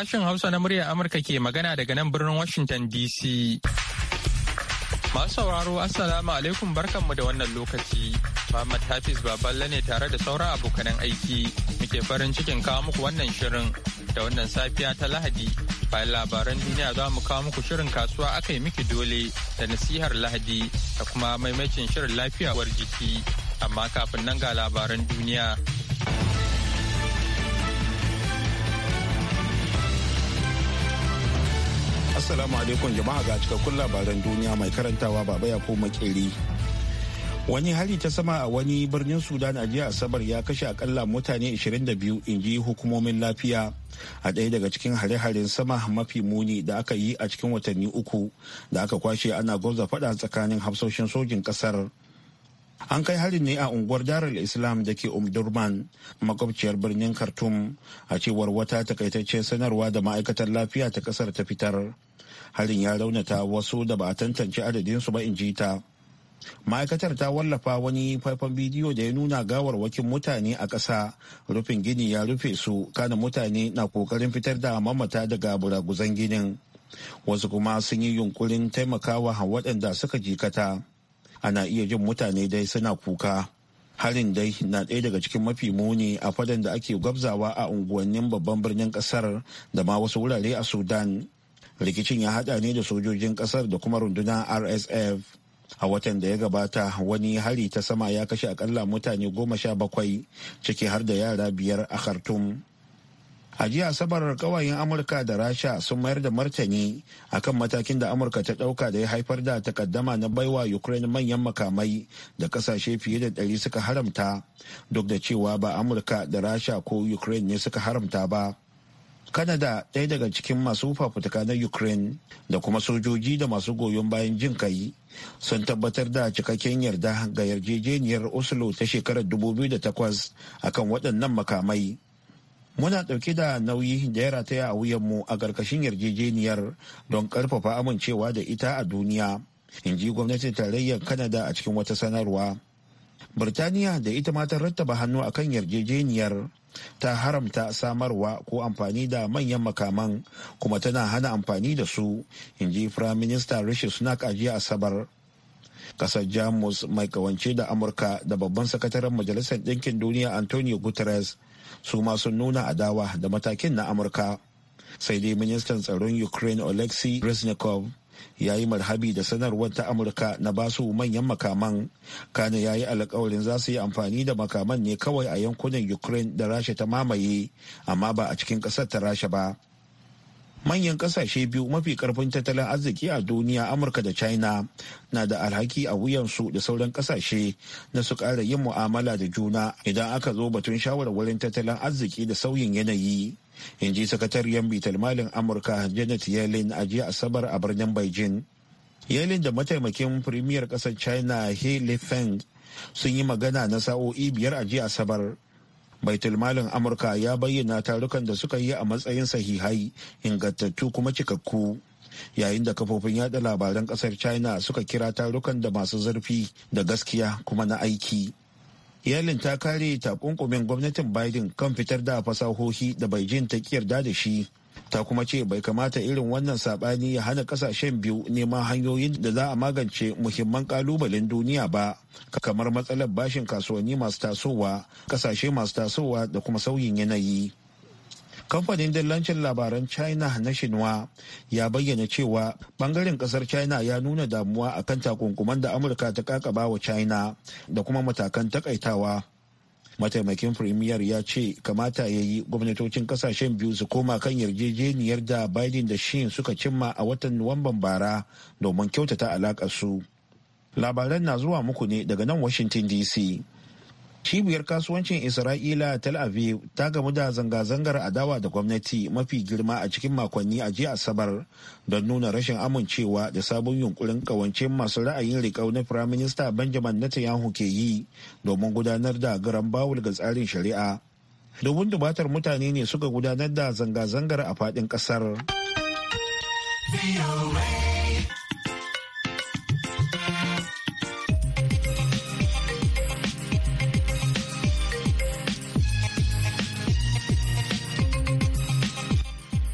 Sashen Hausa na muryar Amurka ke magana daga nan birnin Washington DC. Masu sauraro Assalamu alaikum barkanmu da wannan lokaci. Muhammad Hafiz Baballe ne tare da saura abokanan aiki muke farin cikin kawo muku wannan shirin da wannan safiya ta Lahadi. Bayan labaran duniya za mu kawo muku shirin kasuwa aka yi miki dole da nasihar Lahadi da kuma maimacin shirin lafiyawar jiki. Amma kafin nan ga labaran duniya. Assalamu alaikum jama'a ga cikakkun labaran duniya mai karantawa baba ya ko makeri. Wani hari ta sama a wani birnin Sudan a jiya Asabar ya kashe akalla mutane 22 inji hukumomin lafiya a ɗaya daga cikin hare-haren sama mafi muni da aka yi a cikin watanni uku da aka kwashe ana gwamza faɗa tsakanin hafsoshin sojin ƙasar. An kai harin ne a unguwar Darul Islam da ke Umdurman, makwabciyar birnin Khartoum, a cewar wata takaitaccen sanarwa da ma'aikatar lafiya ta kasar ta fitar. harin ya raunata wasu da ba a tantance adadinsu ba in ji ta ma'aikatar ta wallafa wani faifan bidiyo da ya nuna gawar wakin mutane a ƙasa rufin gini ya rufe su kana mutane na kokarin fitar da mamata daga buraguzan ginin wasu kuma sun yi yunkurin taimakawa waɗanda suka jikata ana iya jin mutane dai suna kuka harin dai na ɗaya daga cikin mafi muni a fadan da ake gwabzawa a unguwannin babban birnin ƙasar da ma wasu wurare a sudan rikicin ya hada ne da sojojin kasar da kuma rundunar rsf a watan da ya gabata wani hari ta sama ya kashe akalla mutane goma sha bakwai ciki har da yara biyar a khartoum a jiya asabar kawayen amurka da rasha sun mayar da martani akan matakin da amurka ta dauka da ya haifar da takaddama na baiwa ukraine manyan makamai da kasashe fiye da ɗari suka haramta duk da cewa ba amurka da rasha ko ukraine ne suka haramta ba kanada ɗaya daga cikin masu fafutuka na Ukraine da kuma sojoji da masu goyon bayan jin kai sun tabbatar da cikakken yarda ga yarjejeniyar Oslo ta shekarar 2008 akan waɗannan makamai. Muna ɗauke da nauyi da ya rataya a wuyanmu a ƙarƙashin yarjejeniyar don ƙarfafa amincewa da ita a duniya, in ji gwamnatin tarayyar kanada a cikin wata sanarwa. Birtaniya da ita ma ta rattaba hannu akan yarjejeniyar ta haramta samarwa ko amfani da manyan makaman kuma tana hana amfani da su in ji firaminista rishi sunak a jiya asabar kasar jamus mai kawance da amurka da babban sakataren majalisar ɗinkin duniya antonio guterres su ma sun nuna adawa da matakin na amurka sai dai ministan tsaron ukraine oleksiy reznikov ya yi marhabi da sanarwar ta amurka na basu manyan makaman kana ya yi alkawarin za su yi amfani da makaman ne kawai a yankunan ukraine da rasha ta mamaye amma ba a cikin ƙasar ta rasha ba manyan kasashe biyu mafi karfin tattalin arziki a duniya amurka da china na da alhaki a wuyansu da sauran kasashe na su kara yin mu'amala da juna idan aka zo batun shawarwarin tattalin arziki da sauyin yanayi in ji sakatariyar bitar malin amurka janet yellen a jiya asabar a birnin beijing yellen da mataimakin firimiyar kasar china he feng sun yi magana na sa'o'i biyar a jiya asabar malin amurka ya bayyana tarukan da suka yi a matsayin sahihai ingantattu kuma cikakku yayin da kafofin yada labaran kasar china suka kira tarukan da masu zurfi da gaskiya kuma na aiki iyalin ta kare takunkumin gwamnatin Biden kan fitar da fasahohi da Beijing ta yarda da shi. Ta kuma ce bai kamata irin wannan sabani ya hana kasashen biyu neman hanyoyin da za a magance muhimman kalubalen duniya ba, kamar matsalar bashin kasuwanni masu tasowa, kasashe masu tasowa da kuma sauyin yanayi. kamfanin dillancin labaran china na shinwa ya bayyana cewa bangaren kasar china ya nuna damuwa a kan takunkuman da amurka ta kakaba wa china da kuma matakan takaitawa mataimakin firimiyar ya ce kamata ya yi gwamnatocin kasashen biyu su koma kan yarjejeniyar da biden da shin suka cimma a watan nuwamban bara domin kyautata alaƙar su labaran na zuwa muku ne daga nan washington dc Cibiyar kasuwancin Isra'ila Tel Aviv ta gamu da zanga-zangar adawa da gwamnati mafi girma a cikin makonni a jiya Asabar don nuna rashin amincewa da sabon yunkurin kawance masu ra'ayin riƙau na Firaminista Benjamin Netanyahu ke yi domin gudanar da garan bawul ga tsarin shari'a. Domin dubatar mutane ne suka gudanar da zanga-zangar a faɗin ƙasar.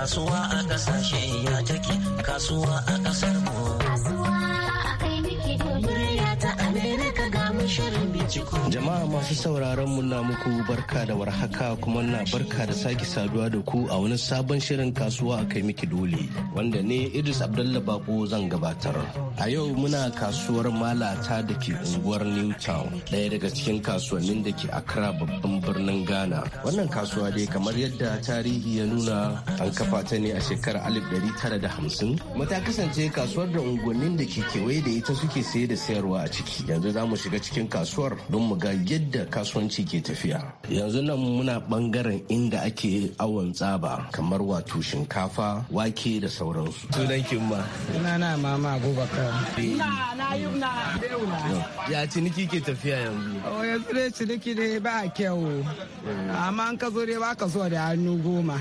kasuwa a kasashe ya take kasuwa a kasar mu kasuwa a kai miki ta amerika ga mu shirin Jama'a masu sauraron mu na muku barka da warhaka kuma na barka da sake saduwa da ku a wani sabon shirin kasuwa a kai miki dole wanda ne Idris abdullahi Bako zan gabatar. A yau muna kasuwar Malata da ke unguwar New Town, ɗaya daga cikin kasuwannin da ke Accra babban birnin Ghana. Wannan kasuwa dai kamar yadda tarihi ya nuna an kafa ta ne a shekarar 1950 mata ta kasance kasuwar da unguwannin da ke kewaye da ita suke saye da sayarwa a ciki. Yanzu za mu shiga cikin kasuwar don mu ga yadda kasuwanci ke tafiya yanzu nan muna bangaren inda ake awon tsaba kamar wato shinkafa wake da sauransu sunan kin ma na mama abubakar na na yumna ya ciniki ke tafiya yanzu oh yanzu ne ciniki ne ba kyau amma an ka zo dai ba ka zo da hannu goma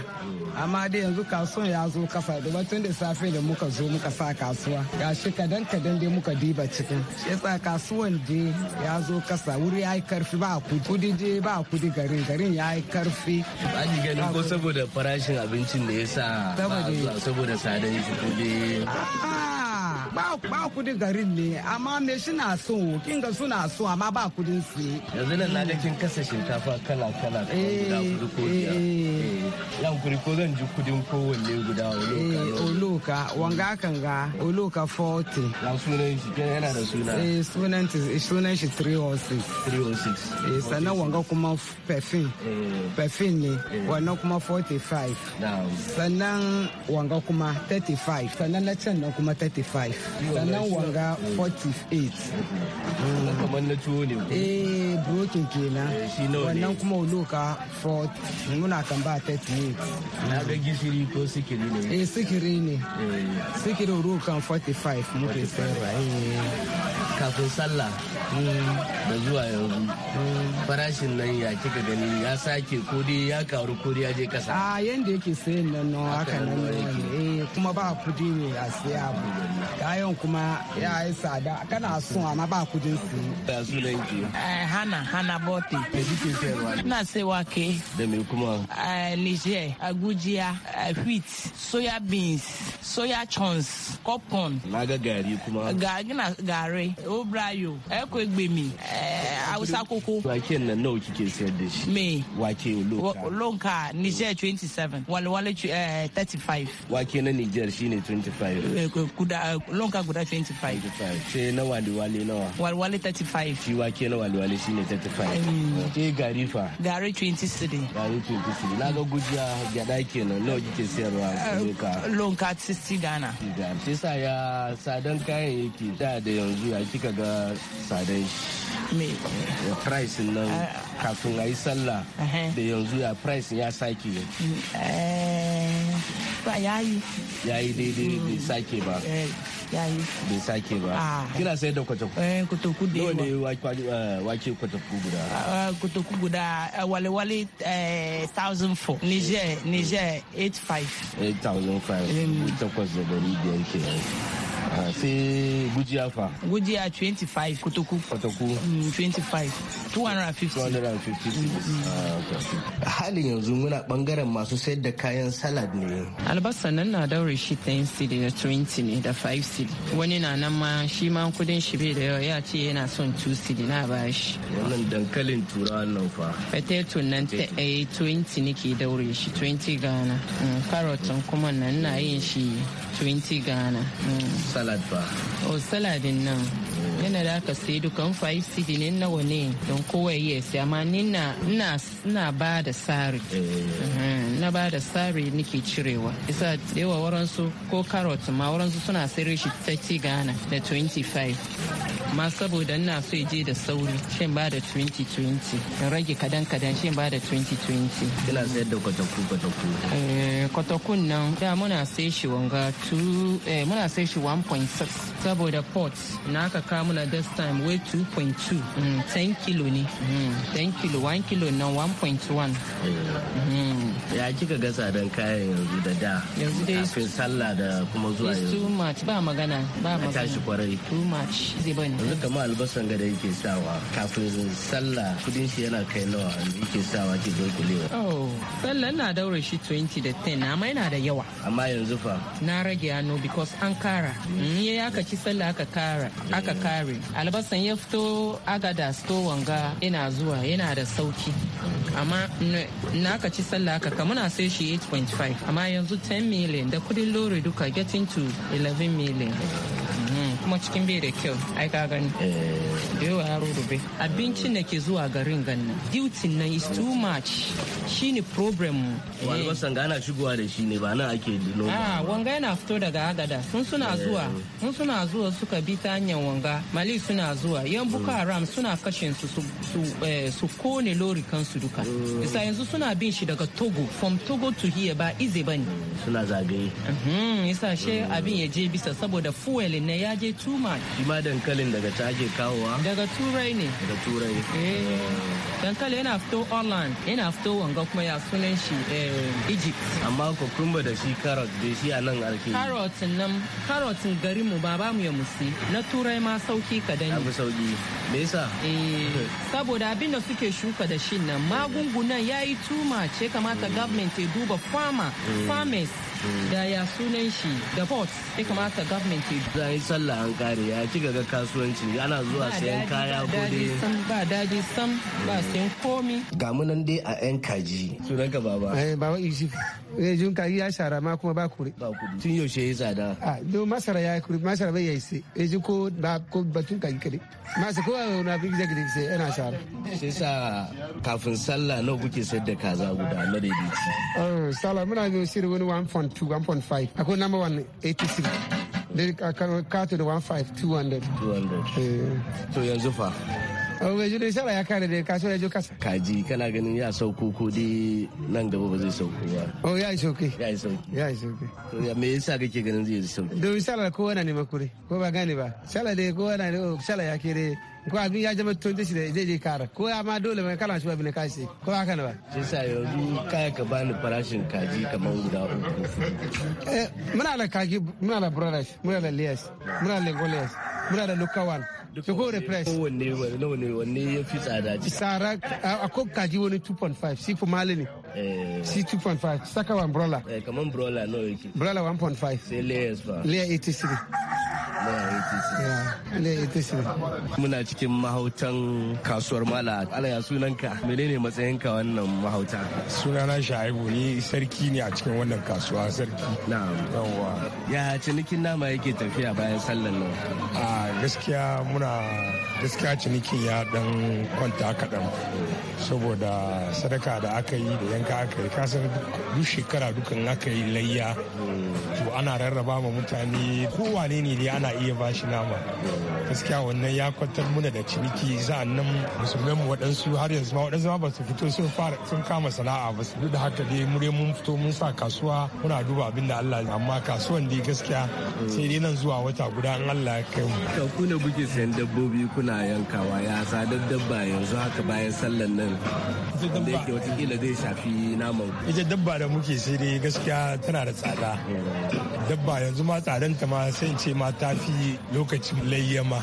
amma dai yanzu kasuwan ya zo kasa da tun da safe da muka zo muka sa kasuwa ga shi kadan kadan dai muka diba cikin shi yasa kasuwan dai ya zo kasa sa wuri ya yi karfi ba kudi je ba kudi garin garin ya yi karfi ba ki gani ko saboda farashin abincin da ya sa saboda sadan kudi ba kudin garin ne amma me suna so kinga suna so amma ba kudin su yanzu nan na ga kin kasa shinkafa kala kala eh, ko guda eh, kudu eh. ko yan kuri ko zan ji kudin kowanne guda oloka wanga kanga ga oloka 40 na sunan shi kan yana da suna eh sunan sunan shi 306 306 eh sanan wanga kuma perfin perfin ne wannan kuma 45 sannan wanga kuma 35 sannan na can na kuma 35 sannan wanga 48 kamar na tuwo ne eh broken kenan eh, wannan kuma oloka 40 muna kan ba 38 na ga gishiri ko sikiri ne eh sikiri ne eh. sikiri olokan 45 muke sayarwa eh. kafin sallah da zuwa yanzu farashin nan ya kika gani ya sake ko ya karu ko ya je kasa a ah, yanda yake sayan nan nan haka nan eh kuma ba kudi ne a siya abu kayan kuma ya yi sada kana son amma ba kudin su ya su nan ki hana hana bote da kike sayarwa na sai ke da me kuma eh, niger agujiya eh, wheat soya beans soya chunks popcorn na ga gari kuma ga gari obrayo oh, ekwe gbemi hausa koko waken nan nawa kike sayar da shi me wake lonka lonka niger 27 walwale 35 wake na niger shine 25 lonka guda 25 sai na walwale nawa walwale 35 shi wake na walwale shine 35 sai gari fa gari 23 gari 23 na ga gujiya gyada kenan nawa kike sayarwa lonka lonka 60 gana. sai sa ya sadan kayan yake da da yanzu ya kika ga sadai me price nan ah. kafin a yi sallah da yanzu ya price ya sake mm, eh, ba ya yi ya yi daidai mm. bai sake ba eh, ya yi bai sake ba ah. kina sai da kwataku eh da yawa wake eh, kwataku guda ah, kwataku guda wale wale 1004 niger niger 85 8500 mm. takwas da dari biyar kenan Ah, sai gujiya fa gujiya 25 kutuku kutuku 25 250 halin yanzu muna bangaren masu sayar da kayan salad ne albasa nan na daure shi 10 cedi da 20 ne da 5 cedi wani na nan ma shi ma kudin shi bai da yawa ya ce yana son 2 cedi na ba shi wannan dankalin turawa nan fa potato nan 20 eh, nake daure shi 20 gana mm, carrot kuma nan na yin shi 20 gana mm. salad ba o oh, saladin nan oh. yana da aka sai dukan five cd ne na wane don kowa ya sai amma ni na na ba da sari eh. na ba da sari nake cirewa isa yawa waransu ko carrot ma waransu suna sayar shi 30 gana da 25 ma saboda ina so je da sauri shin ba da 2020 in rage kadan kadan shin ba da 2020 kila sayar da kwataku kwataku eh kwatakun nan da muna sai shi wanga 2 eh, muna sai shi 1.5 1.6 saboda pot na aka kawo muna this time wey 2.2 mm, 10 kilo ne mm, 10 kilo 1 kilo na 1.1 mm. ya kika ga tsadan kayan yanzu da da yanzu dai kafin sallah da kuma zuwa yanzu too much ba magana ba magana tashi kwarai too much zai bani yanzu kamar albasan gada yake sawa kafin sallah kudin shi yana kai nawa yake sawa ke dunkulewa oh sallah na daure shi 20 da 10 amma yana da yawa amma yanzu fa na rage hannu because an kara ni ya aka ci sallah aka kare aka kare albasan ya fito agadas sto wanga ina zuwa yana da sauki amma na aka ci sallah aka ka muna sai shi 8.5 amma yanzu 10 million da kudin lori duka getting to 11 million kuma cikin bai da kyau ai ka gani da yawa ya rurube abincin da ke zuwa garin ganin duty nan is too much shi ne problem mu albasan eh. ga ana shigowa da shi ne ba nan ake noma ah wanga yana fito daga agada sun suna eh. zuwa sun suna zuwa suka bi ta hanyar wanga mali suna zuwa yan buka mm. haram suna kashin su su eh, kone lori kansu duka mm. isa yanzu suna bin shi daga togo from togo to here ba ize bane suna zagaye mhm, isa she mm. abin ya je bisa saboda fuel ne ya je tuma shi ma dankalin daga ta ake kawowa daga turai ne daga turai eh dankali yana fito holland yana fito wanga kuma ya sunan shi eh, egypt amma kokumba da shi carrot da shi a nan arke carrot nan carrot garin mu ba mu ya musi na turai ma sauki kadan abu sauki me yasa eh saboda abin da suke shuka da shi nan magungunan yayi tuma ce kamata mm. government ya duba farmer mm. farmers Mm. da ya sunan shi da port ya kamata government ya za yi sallah an kare ya ci gaga kasuwanci ana zuwa sayan kaya ko dai ba daji sam ba mm. sayan komi ga munan dai a yan kaji sunan ka baba eh baba isi eh jun kaji ya shara ma kuma ba kuri ba kuri tun yaushe ya tsada a ah, don masara ya kuri masara bai yayi sai eh ko ba ko batun kaji kare masa ko na bi zagi gidi sai ana shara shi sa kafin sallah nawa kuke sayar da kaza guda madaidaici oh eh, sallah muna ga shirin wani one 1.5. I call number one eighty six. 83. Then I can cut to the 1.5, 200. 200. so you're so far. Obe jure sara ya kare da kaso ya jo kasa. Kaji kana ganin ya sauko ko dai nan gaba ba zai sauko ba. Oh ya yi sauki. Ya yi sauki. Ya yi sauki. To me yasa kake ganin zai sauki? Domin shara ko wani ne kure ko ba gane ba. Shara dai wani ne shara ya kere ko abin ya zama tun shi da zai je kara ko ya ma dole mai kana shi bine da kashi ko haka ne ba shi sa yanzu kaya ka bani farashin kaji kamar guda uku eh, muna da kaji muna da brothers muna da liyas muna da lagos muna da lukawan kowane price kowanne wanne wanne ya fi tsada tsara akwai kaji wani 2.5 si fumali ne eh. si 2.5 saka wa umbrella eh, kamar 1.5 sai 83 Muna cikin mahautan kasuwar mala ala ya sunanka menene matsayinka wannan mahauta? Sunana Sha'ibu ni sarki ne a cikin wannan kasuwa sarki. Yawwa. Ya cinikin nama yake tafiya bayan sallan nan? A gaskiya muna gaskiya cinikin ya dan kwanta kaɗan saboda sadaka da aka yi da yanka aka yi kasar duk shekara dukan aka yi layya to ana rarraba ma mutane kowane ne dai ana ana iya ba shi nama gaskiya wannan ya kwantar muna da ciniki nan musulmai mu waɗansu har yanzu ma waɗansu ma ba su fito sun fara sun kama sana'a ba su duk da haka dai mure mun fito mun sa kasuwa muna duba abin da Allah amma kasuwan dai gaskiya sai dai nan zuwa wata guda in Allah ya kai mu to ku ne kuke sayan dabbobi kuna yankawa ya sadar dabba yanzu haka bayan sallan nan da yake watakila zai shafi naman ita dabba da muke sai dai gaskiya tana da tsada dabba yanzu ma tsadanta ma sai in ce ma ta fi lokacin layyama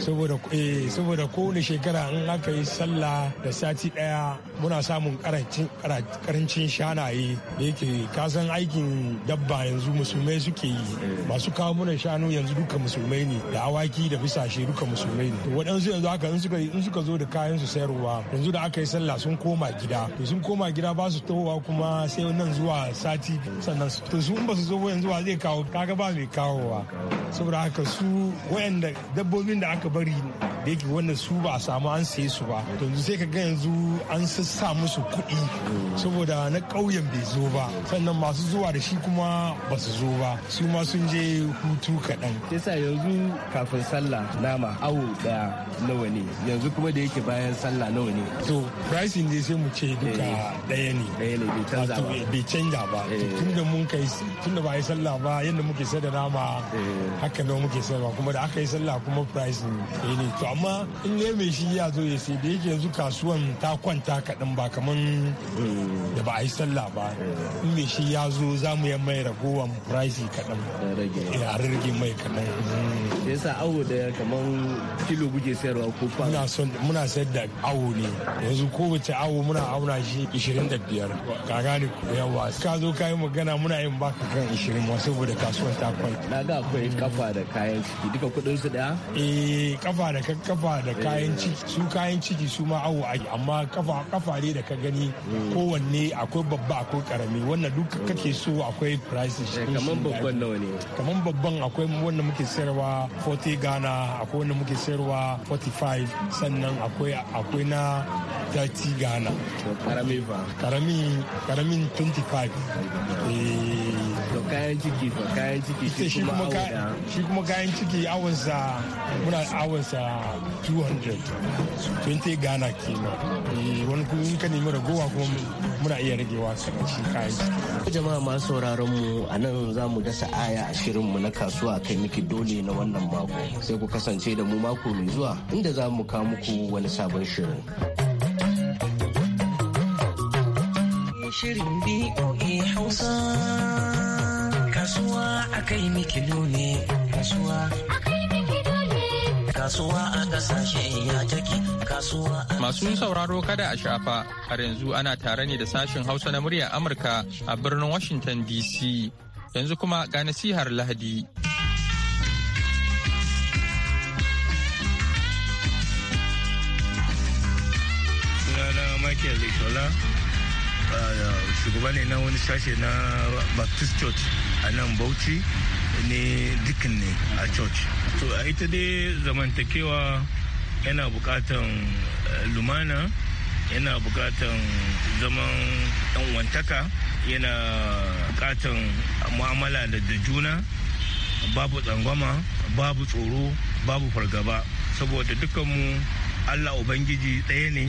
saboda eh saboda kowane shekara in aka yi sallah da sati daya muna samun karancin shanaye da yake kasan aikin dabba yanzu musulmai suke yi masu kawo mana shanu yanzu duka musulmai ne da awaki da bisashe duka musulmai ne waɗansu yanzu haka in suka zo da kayan su sayarwa yanzu da aka yi sallah sun koma gida to sun koma gida ba su towa kuma sai nan zuwa sati sannan to su in ba su zo yanzu wa zai kawo kaga ba mai kawowa saboda haka su waɗanda dabbobin da aka bari da yake wannan su ba a samu an saye su ba to sai ka ga yanzu an sassa musu kuɗi saboda na ƙauyen bai zo ba sannan masu zuwa da shi kuma ba su zo ba su ma sun je hutu kaɗan. yasa yanzu kafin sallah nama awo ɗaya nawa ne yanzu kuma da yake bayan sallah nawa ne. to pricing dai sai mu ce duka eh, ɗaya ne. ɗaya ne bai canza ba. Eh, bai canza ba eh. tun da mun kai tun da ba yi sallah ba yadda muke sai da nama haka nawa muke sai ba kuma da aka yi sallah kuma price azumi ne to amma in ne mai shi ya zo ya sai da yake yanzu kasuwan ta kwanta kaɗan ba kaman mm. da ba a yi sallah ba in mai shi ya zo za mu yan mai ragowan price kaɗan a rage mai kaɗan mm. yasa awo da kaman kilo guje sayarwa ko fa muna sayar da awo ne yanzu kowace awo muna auna shi biyar ka gane yawa ka zo ka yi magana muna yin baka kan ishirin 20 saboda kasuwan ta kwanta na ga akwai kafa da kayan ciki duka kuɗin su da eh kafa da kafa da kayan ciki su kayan ciki su ma awo ai amma kafa kafa ne da ka gani mm. kowanne akwai babba akwai karami wannan duk mm. kake so akwai price eh, kaman babban nawa ne kaman babban akwai wanda muke sayarwa 40 gana akwai wanda muke sayarwa 45 sannan akwai akwai na 30 gana karami ba karami karamin 25 eh to kayan ciki to kayan ciki shi kuma shi kuma kayan ciki sa muna sa 200 20 gana kenan eh, wani kuma in ka nemi ragowa kuma muna iya ragewa su shi kayan ciki jama'a masu sauraron mu a nan za mu dasa aya a shirin mu na kasuwa kai miki dole na wannan mako sai ku kasance da mu mako mai zuwa inda za mu kawo muku wani sabon shirin shirin BOA Hausa. Kasuwa a kai miki kasuwa. Kasuwa a kasashe ya take, kasuwa Masu sauraro kada a shafa, har yanzu ana tare ne da sashen Hausa na murya Amurka a birnin Washington DC. Yanzu kuma ga nasihar Lahadi. Sunana Michael Litola, shugaba ne na wani sashe na Baptist Church. a nan bauchi ne dukkan ne a church to a ita dai zamantakewa yana bukatan eh, lumana yana bukatan zaman wantaka yana bukatan mu'amala da juna babu tsangwama babu tsoro babu fargaba saboda dukanmu allah ubangiji ɗaya ne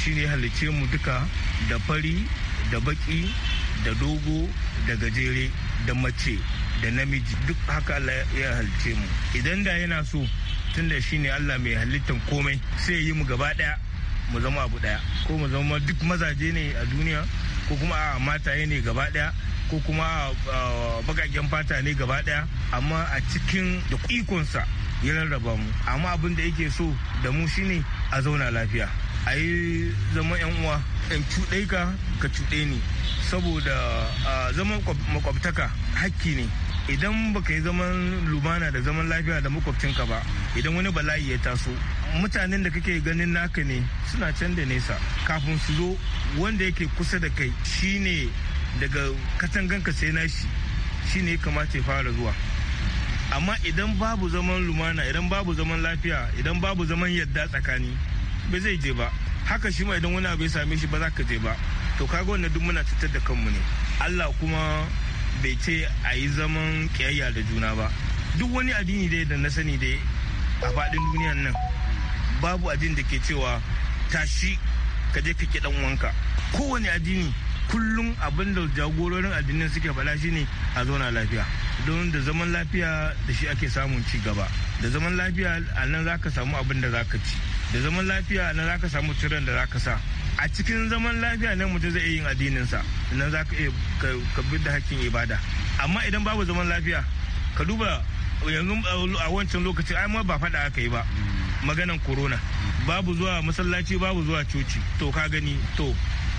shi ne halicce mu duka da fari da baki da dogo da gajere da mace da namiji duk haka Allah ya halice mu idan da yana so tun da shi ne Allah mai halittan komai sai yi mu gaba daya mu zama abu daya ko mu zama duk mazaje ne a duniya ko kuma a mataye ne gaba daya ko kuma a bagagen fata ne gaba daya amma a cikin da ikonsa ya rarraba mu amma abin da yake so da mu shine a zauna lafiya a yi zama 'yan uwa in cuɗe ka ka cuɗe ni saboda zaman makwabtaka hakki ne idan baka yi zaman lumana da zaman lafiya da makwabcinka ba idan wani bala'i ya taso mutanen da kake ganin naka ne suna can da nesa kafin su zo wanda yake kusa da kai shine daga ka sai nashi shine kamata ya fara zuwa amma idan babu zaman lumana idan babu zaman lafiya idan babu zaman yadda tsakani ba zai je ba haka shi ma idan wani abu ya same shi ba za ka je ba to kaga wannan duk muna tattar da kanmu ne Allah kuma bai ce a yi zaman kiyayya da juna ba duk wani addini dai da na sani dai a faɗin duniyan nan babu addini da ke cewa tashi ka je ka dan wanka kowane addini kullum abin da jagororin addinin suke faɗa shine a zauna lafiya don da zaman lafiya da shi ake samun ci gaba da zaman lafiya a nan za ka samu abin da za ka ci da zaman lafiya na zaka samu tiran da zaka sa a cikin zaman lafiya nan mutum zai yin addininsa nan za ka bi da hakkin ibada amma idan babu zaman lafiya ka duba yanzu uh, a wancan lokacin ai ma ba faɗa aka yi ba maganan corona babu zuwa masallaci babu zuwa coci to ka gani to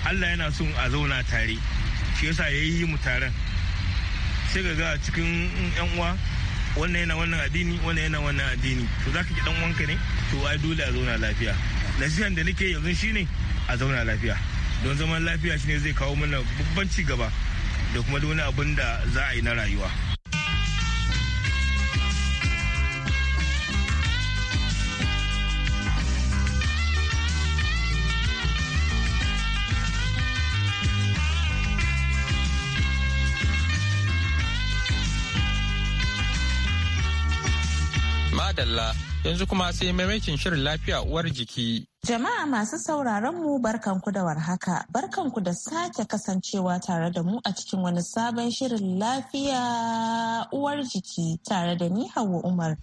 allah yana son a zauna tare shi yasa ya yi mu taron sai ga cikin yan mm, uwa wannan yana wannan addini wannan yana wannan addini to zaka ki dan wanka ne to ai dole a zauna lafiya nasihan da nake yanzu shine a zauna lafiya don zaman lafiya shine zai kawo mana babban ci gaba da kuma duk wani abin da za a yi na rayuwa dalla yanzu kuma sai maimakin shirin lafiya uwar jiki. Jama'a masu sauraron mu barkanku da warhaka, barkanku da sake kasancewa tare da mu a cikin wani sabon shirin lafiya uwar jiki tare da ni Hauwa Umar.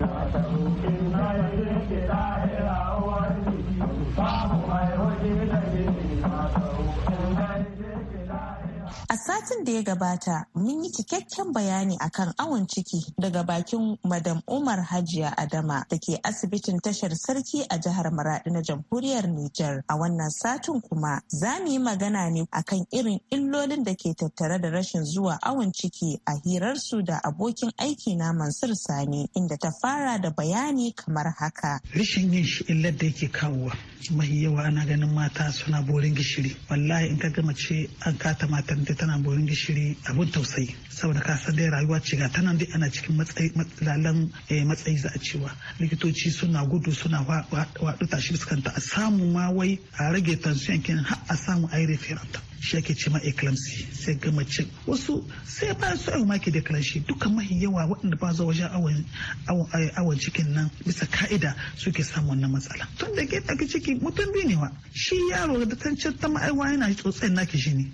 A satin da ya gabata mun yi cikakken bayani akan awon ciki daga bakin Madam Umar Hajiya Adama da ke asibitin tashar sarki a jihar Maradi na jamhuriyar Nijar. A wannan satin kuma za mu yi magana ne akan irin illolin da ke tattare da rashin zuwa awon ciki a hirarsu da abokin aiki na Mansur Sani inda ta fara da bayani kamar haka. Rashin yin shi illar da yake kawowa mahi yawa ana ganin mata suna borin gishiri. Wallahi in ka gama ce an kata matan da tana borin gishiri abun tausayi saboda ka san dai rayuwa ce ga tana dai ana cikin matsayi matsalan eh, matsayi za a cewa likitoci suna gudu suna waɗu tashi fuskanta a samu ma wai a rage tansiyon kin har a samu a yi referanta shi ake ce ma eclampsy sai ga mace wasu sai ba su ayo maki da kalashi duka mahi yawa waɗanda ba zuwa wajen eh, awon cikin nan bisa ka'ida suke samu wannan matsala tun da ke ɗauki ciki mutum biyu ne wa shi yaro da tancan ta ma'aiwa yana tsotsayin naki shi ne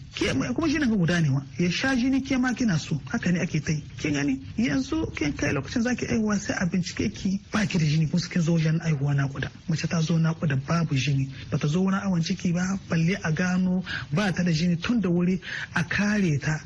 kuma shi ne guda ne wa ya sha jini ke ma kina so haka ne ake tai yi kin gani yanzu kin kai lokacin zaki aiwa sai a bincike ki ba ki da jini ko kin zo wajen na kuda mace ta zo na nakuda babu jini bata zo wani awon ciki ba balle a gano ba ta da jini tun da wuri a kare ta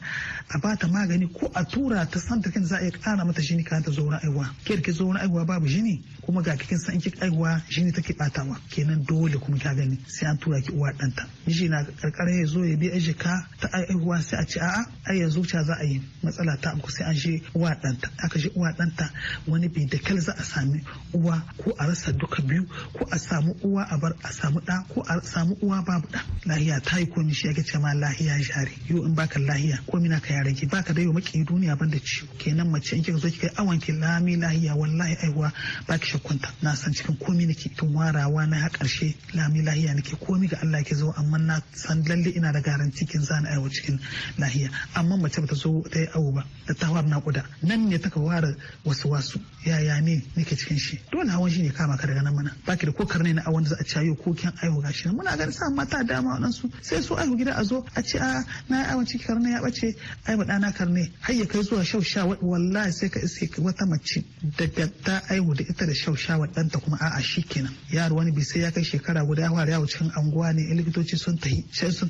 a bata magani ko a tura ta san ta kin za a kara mata jini kan ta zo wani aiwa ke ki zo wani aiwa babu jini kuma ga kikin san ki aiwa jini take batawa kenan dole kuma ka gani sai an tura ki uwa danta miji na karkare ya zo ya bi ajika ta aiwa sai a ce a'a ai yanzu zuciya za a yi matsala ta amku sai an je uwa ɗanta aka je uwa ɗanta wani bi da kal za a sami uwa ko a rasa duka biyu ko a samu uwa a bar a samu ɗa ko a samu uwa babu ɗa lahiya ta yi komi shi yake ce lahiya jari yo in baka lahiya komi na ka yare ki baka da yau maki duniya banda ciwo kenan mace in kika zo kika awan ki lami lahiya wallahi aiwa baki shakunta na san cikin komi nake tun warawa na karshe lami lahiya nake komi ga Allah ke zo amma na san lalle ina da garanti kin zana aiwa cikin nahiya amma mace ba ta zo ta yi awo ba da ta fara nakuda nan ne taka ware wasu wasu yaya ne nake cikin shi dole hawan shi ne kama ka daga nan mana baki da ko ne na awon da za a ciyo ko kin aiwo gashi nan muna ganin sa mata dama wannan su sai su aiwo gida a zo a ce a na awon ciki karne ya bace ai ba dana karne har ya kai zuwa shausha wallahi sai ka iske wata mace daga ta aiwo da ita da shaushawa wa danta kuma a'a shikenan yaro wani bi sai ya kai shekara guda ya fara yawo cikin anguwa ne likitoci sun tahi sai sun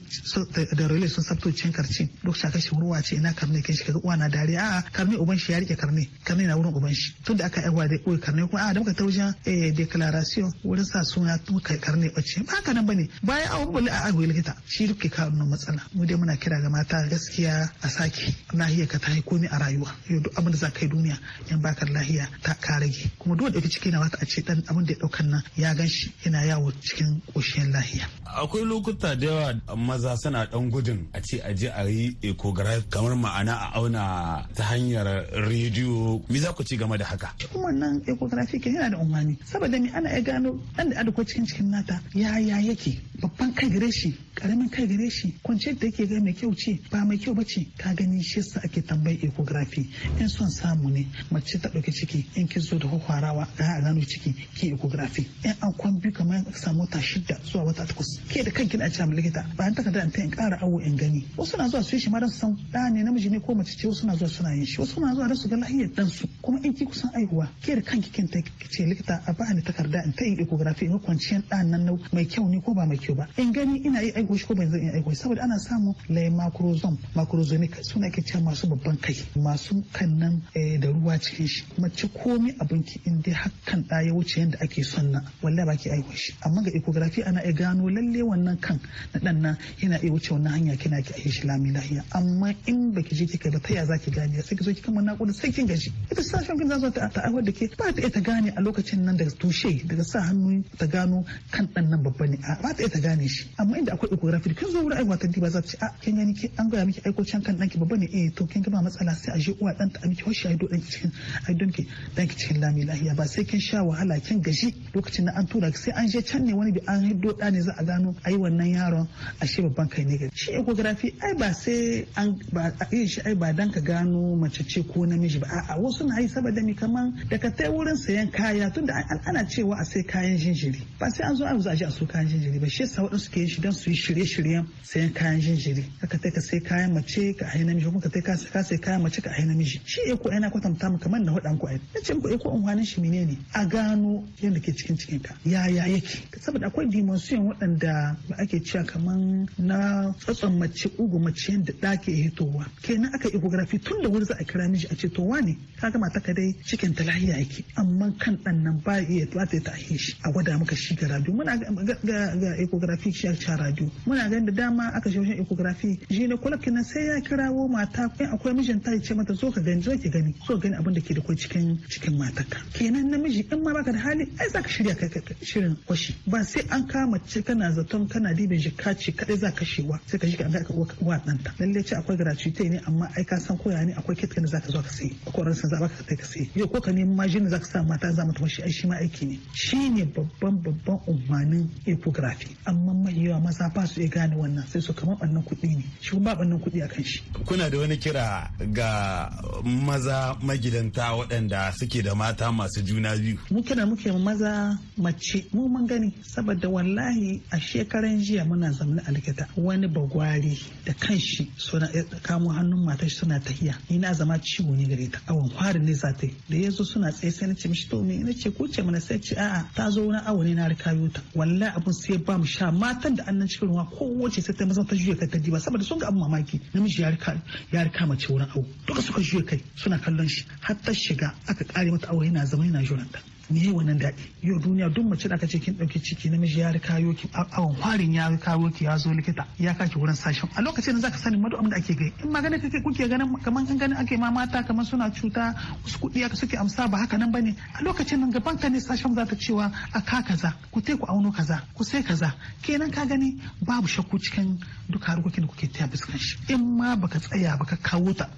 da rele sun sabto cikin ce sa kashe ruwa ce ina karne kai shi kaga uwa na dariya a'a karne uban shi ya rike karne karne na wurin uban shi tun da aka yawa da koyi karne kuma a'a da muka ta wajen eh, declaration wurin sa suna muka karne bace ba haka nan bane bayan awon bali a agwai likita shi duk ka kawo matsala mu dai muna kira ga mata gaskiya a sake lahiyar ka ta yi komai a rayuwa yau duk abin da za ka yi duniya yan bakar lahiya ta ka rage kuma duk wanda yake cikin wata a ce dan abin da ya daukan nan ya gan shi yana yawo cikin koshin lahiya akwai lokuta da yawa maza suna dan gudun a ce a je a a yi ecograph kamar ma'ana a auna ta hanyar rediyo me za ku ci game da haka wannan ecograph ke yana da umarni saboda ni ana iya gano dan da adako cikin cikin nata yaya yake babban kai gare shi karamin kai gare shi kwanciyar da yake ga mai kyau ce ba mai kyau ba ce ka gani shi yasa ake tambayi ecography in son samu ne mace ta ɗauki ciki in ki zo da kwakwarawa a gano ciki ki ecography in an kwan biyu kamar samu ta shida zuwa wata takwas ke da kanki na ce likita bayan takarda ta in ƙara awo in gani wasu na zuwa su yi shi ma san da ne namiji ne ko mace ce wasu na zuwa suna yin shi wasu na zuwa da su ga lahiyar dan kuma in ki kusan aihuwa ke da kanki kin ce likita a ba ni takarda in ta yi ecography in kwanciyar dan nan mai kyau ne ko ba mai kyau ba in gani ina yi aihuwa shi ko ban zan yi aihuwa saboda ana samu lai macrozome macrozomic suna ke cewa masu babban kai masu kan nan eh, da ruwa cikin shi mace komai ki in dai hakan da ya wuce yadda ake son na wallahi ba ki aihuwa shi amma ga ecography ana iya gano lalle wannan kan na dan nan yana iya wuce wannan hanya kina ki aihuwa shi lami lahiya amma in baki je kika ba ta ya zaki gane sai ki zo ki kama nakuda sai kin gaji ita sashen kin zazo ta ta aiwar da ke ba ta ta gane a lokacin nan daga tushe daga sa hannu ta gano kan dan nan babba ne ba ta ta gane shi amma inda akwai ecography kin zo wurin aiwa ta ba za ta ce a kin gani ki an gaya miki aiko can kan danki babba ne eh to kin ga ba matsala sai a je uwa dan ta a miki hoshi aido danki cikin aidon danki cikin lami lahiya ba sai kin sha wahala kin gaji lokacin nan an tura sai an je can ne wani bi an hiddo da ne za a gano ai wannan yaron ashe babban kai ne gaji shi ecography ai ba sai an ba yin shi ai ba dan ka gano mace ce ko namiji ba a'a wasu na yi saboda mi kaman da ka tai wurin sayan kaya tun tunda ana cewa a sai kayan jinjiri ba sai an zo an zaji a su kayan jinjiri ba shi yasa waɗansu ke yin shi dan su yi shirye-shiryen sayan kayan jinjiri ka tai ka sai kayan mace ka ai namiji kuma ka tai ka sai kayan mace ka ai namiji shi eko na kwatanta mu kaman na hudan ku ai e ko an unhwanin shi menene a gano yadda ke cikin cikin ka ya ya yake saboda akwai dimension waɗanda ba ake cewa kaman na tsatson mace ugu mace yadda ɗa ke hitowa kenan aka ecography tun da wuri za a kira miji a ce to wane ka gama ta ka cikin ta lahiya yake amma kan ɗan nan ba iya ba ta ta shi a gwada maka shi ga radio muna ga ecography shi a ca radio muna ganin da dama aka shi wajen ecography shi ne kula kenan sai ya kirawo mata in akwai mijinta ya ce mata zo ka gani zo ki gani so gani abin da ke da kwai cikin cikin mataka kenan namiji in ma baka da hali ai za ka shirya kai shirin kwashi ba sai an kama ce kana zaton kana dibin jika ce kadai za ka shewa sai ka shiga an ga ɗanta lalle ce akwai gratuity ne amma ai ka san koya ne akwai kit da zaka zo ka sai akwai ransa za ka kai ka sai yau ko ka nemi majin da zaka sa mata za mu tafi shi ma aiki ne ne babban babban umarnin ecography amma mai yawa maza ba su iya gane wannan sai su kamar ɓannan kuɗi ne shi ba ɓannan kuɗi a kan shi. kuna da wani kira ga maza magidanta waɗanda suke da mata masu juna biyu. mu kira muke maza mace mu mun gani saboda wallahi a shekaran jiya muna zaune a likita wani bagwari da kan shi suna eh, kamo hannun matar shi suna tahiya ni na zama ciwo ne gare ta awon fari ne za da ya zo suna tsaye sai na ce mishi to me na ce ko ce mana sai ce a'a ta zo wani awo ne na rikayo ta wallahi abun sai ba mu sha matan da annan cikin ruwa ko wace sai ta mazan ta juya kai ta diba saboda sun ga abun mamaki namiji ya rika ya rika mace wurin awo duka suka juya kai suna kallon shi har ta shiga aka kare mata awo yana zama yana juranta ne yi wannan daɗi yau duniya duk mace da aka ce kin ɗauki ciki namiji ya kayo ki awon kwarin ya kawo ki ya zo likita ya kaki wurin sashen a lokacin da zaka sani madu abin da ake gani in magana kake kuke ganin kaman kan ganin ake ma mata kaman suna cuta wasu kuɗi aka suke amsa ba haka nan bane a lokacin nan gaban ka ne sashen za ta cewa a ka kaza ku te ku auno kaza ku sai kaza kenan ka gani babu shakku cikin duka harkokin da kuke taya fuskan shi in ma baka tsaya baka kawo ta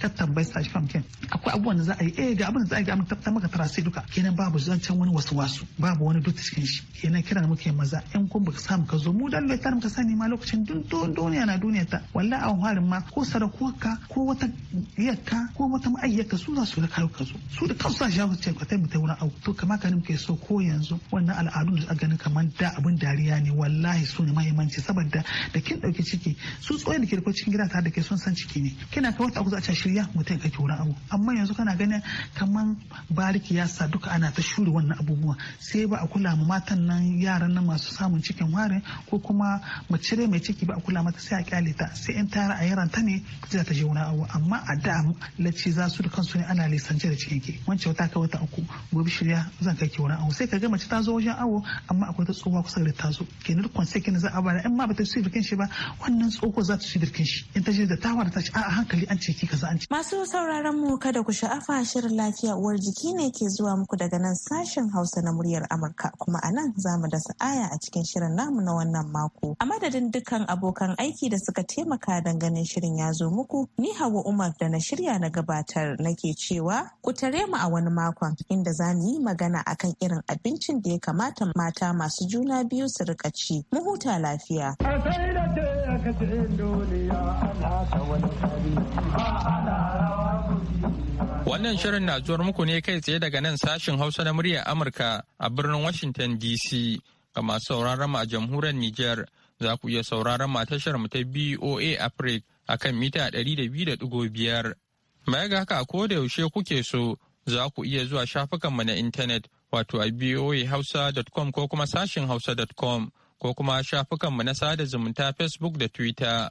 ka tambayi sashen akwai abubuwan da za a yi eh ga abin da za a yi ga ta maka tarasi duka kenan babu babu zancen wani wasu wasu babu wani duk cikin shi kenan kira da muke maza yan kun baka samu ka zo mu dan laitar ka sani ma lokacin duk duniya na duniya ta wallahi a harin ma ko sarakuwarka ko wata yakka ko wata ma'ayyaka su za su da ka zo su da kansu za su jawo ce ka mu ta wurin abu to kama ka muke so ko yanzu wannan al'adun da ganin kamar da abin dariya ne wallahi su ne mahimmanci saboda da kin dauki ciki su tsoye da ke cikin gida ta da ke son san ciki ne kina ka wata ku za a shirya shirya mutum ka ki wurin abu amma yanzu kana ganin kamar bariki ya sa duka ana ta da wannan abubuwa sai ba a kula ma matan nan yaran nan masu samun cikin warin ko kuma mace dai mai ciki ba a kula mata sai a kyale ta sai in tara a yaran ta ne za ta je wani abu amma a da lace za su da kansu ne ana lisance da cikin ke wancan wata ka wata uku gobe shirya zan kai ki wani abu sai ka ga mace ta zo wajen awo amma akwai ta tsohuwa kusa da ta zo kenan sai kina za a bada in ma ba ta ci birkin shi ba wannan tsoho za ta ci birkin shi in ta je da tawa da ta ci a hankali an ce ki kaza an ce. masu sauraron mu kada ku sha'afa shirin lafiya uwar jiki ne ke zuwa muku daga nan sashen Hausa na muryar Amurka kuma a nan za mu dasa aya a cikin shirin namu na wannan mako. A madadin dukkan abokan aiki da suka taimaka don ganin shirin ya zo muku, ni Hawa Umar da na shirya na gabatar nake cewa ku tare mu a wani makon inda za mu yi magana akan irin abincin da ya kamata mata masu juna biyu su rika ci. Mu huta lafiya. duniya ana ta wani ba ana rawa Wannan shirin na zuwar muku ne kai tsaye daga nan sashin Hausa na muryar Amurka a birnin Washington DC ga masu sauraron mu a jamhuriyar Nijar za ku iya sauraron mu tashar mu ta BOA Africa a kan mita 200.5. Baya ga haka ko da yaushe kuke so za ku iya zuwa shafukan mu na intanet wato a BOA boahausa.com ko kuma sashin hausa.com ko kuma shafukan mu na sada zumunta Facebook da Twitter.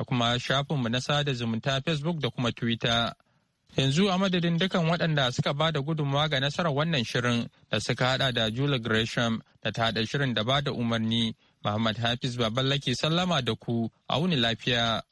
da kuma shafinmu na sada zumunta Facebook da kuma Twitter. Yanzu a madadin dukan waɗanda suka ba da gudunmawa ga nasarar wannan shirin da suka haɗa da Julia Gresham da ta haɗa shirin da ba da umarni, Muhammad Hafiz Baballake sallama da ku, a wuni lafiya.